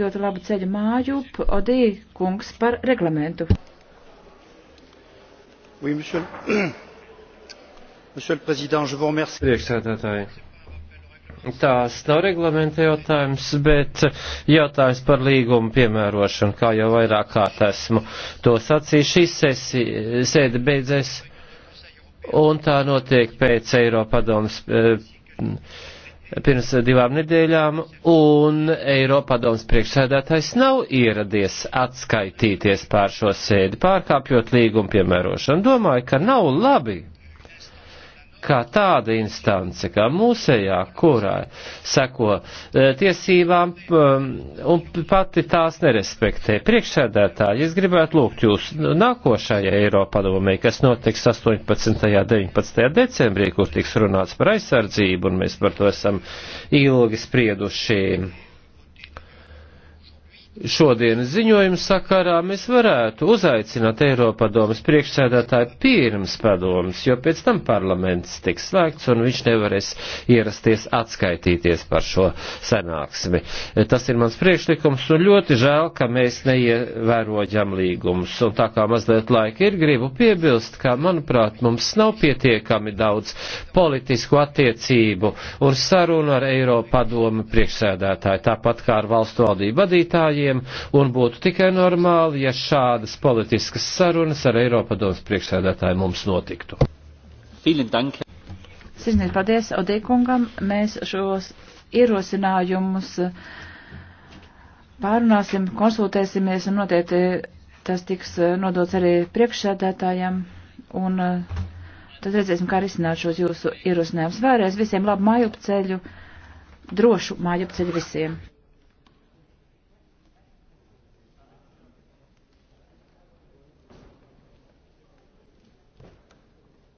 ļoti labu ceļu māju, Odī kungs par reglamentu. Oui, monsieur, monsieur le Président, je vous remercie. Priekšsēdētāji. Tās nav reglamenta jautājums, bet jautājums par līgumu piemērošanu, kā jau vairāk kārt esmu to sacījis. Šis sesi, sēde beidzēs, un tā notiek pēc Eiropadomas. Eh, pirms divām nedēļām, un Eiropadoms priekšsēdētājs nav ieradies atskaitīties pār šo sēdi, pārkāpjot līgumu piemērošanu. Domāju, ka nav labi kā tāda instance, kā mūsējā, kurā seko e, tiesībām um, un pati tās nerespektē. Priekšsēdētāji, es gribētu lūgt jūs nākošajai Eiropadomē, kas notiks 18. un 19. decembrī, kur tiks runāts par aizsardzību, un mēs par to esam ilgi sprieduši šodienas ziņojuma sakarā mēs varētu uzaicināt Eiropadomas priekšsēdētāju pirms padomas, jo pēc tam parlaments tiks slēgts un viņš nevarēs ierasties atskaitīties par šo sanāksmi. Tas ir mans priekšlikums un ļoti žēl, ka mēs neievērojam līgumus. Un tā kā mazliet laika ir, gribu piebilst, ka, manuprāt, mums nav pietiekami daudz politisku attiecību un sarunu ar Eiropadomu priekšsēdētāju, tāpat kā ar valstu valdību vadītāju vēlētājiem, un būtu tikai normāli, ja šādas politiskas sarunas ar Eiropadomas priekšsēdētāju mums notiktu. Sirsnīgi paldies Odīkungam. Mēs šos ierosinājumus pārunāsim, konsultēsimies un noteikti tas tiks nodots arī priekšsēdētājiem. Un, uh, Tad redzēsim, kā risināt šos jūsu ierosinājumus. Vēlreiz visiem labu mājupceļu, drošu mājupceļu visiem!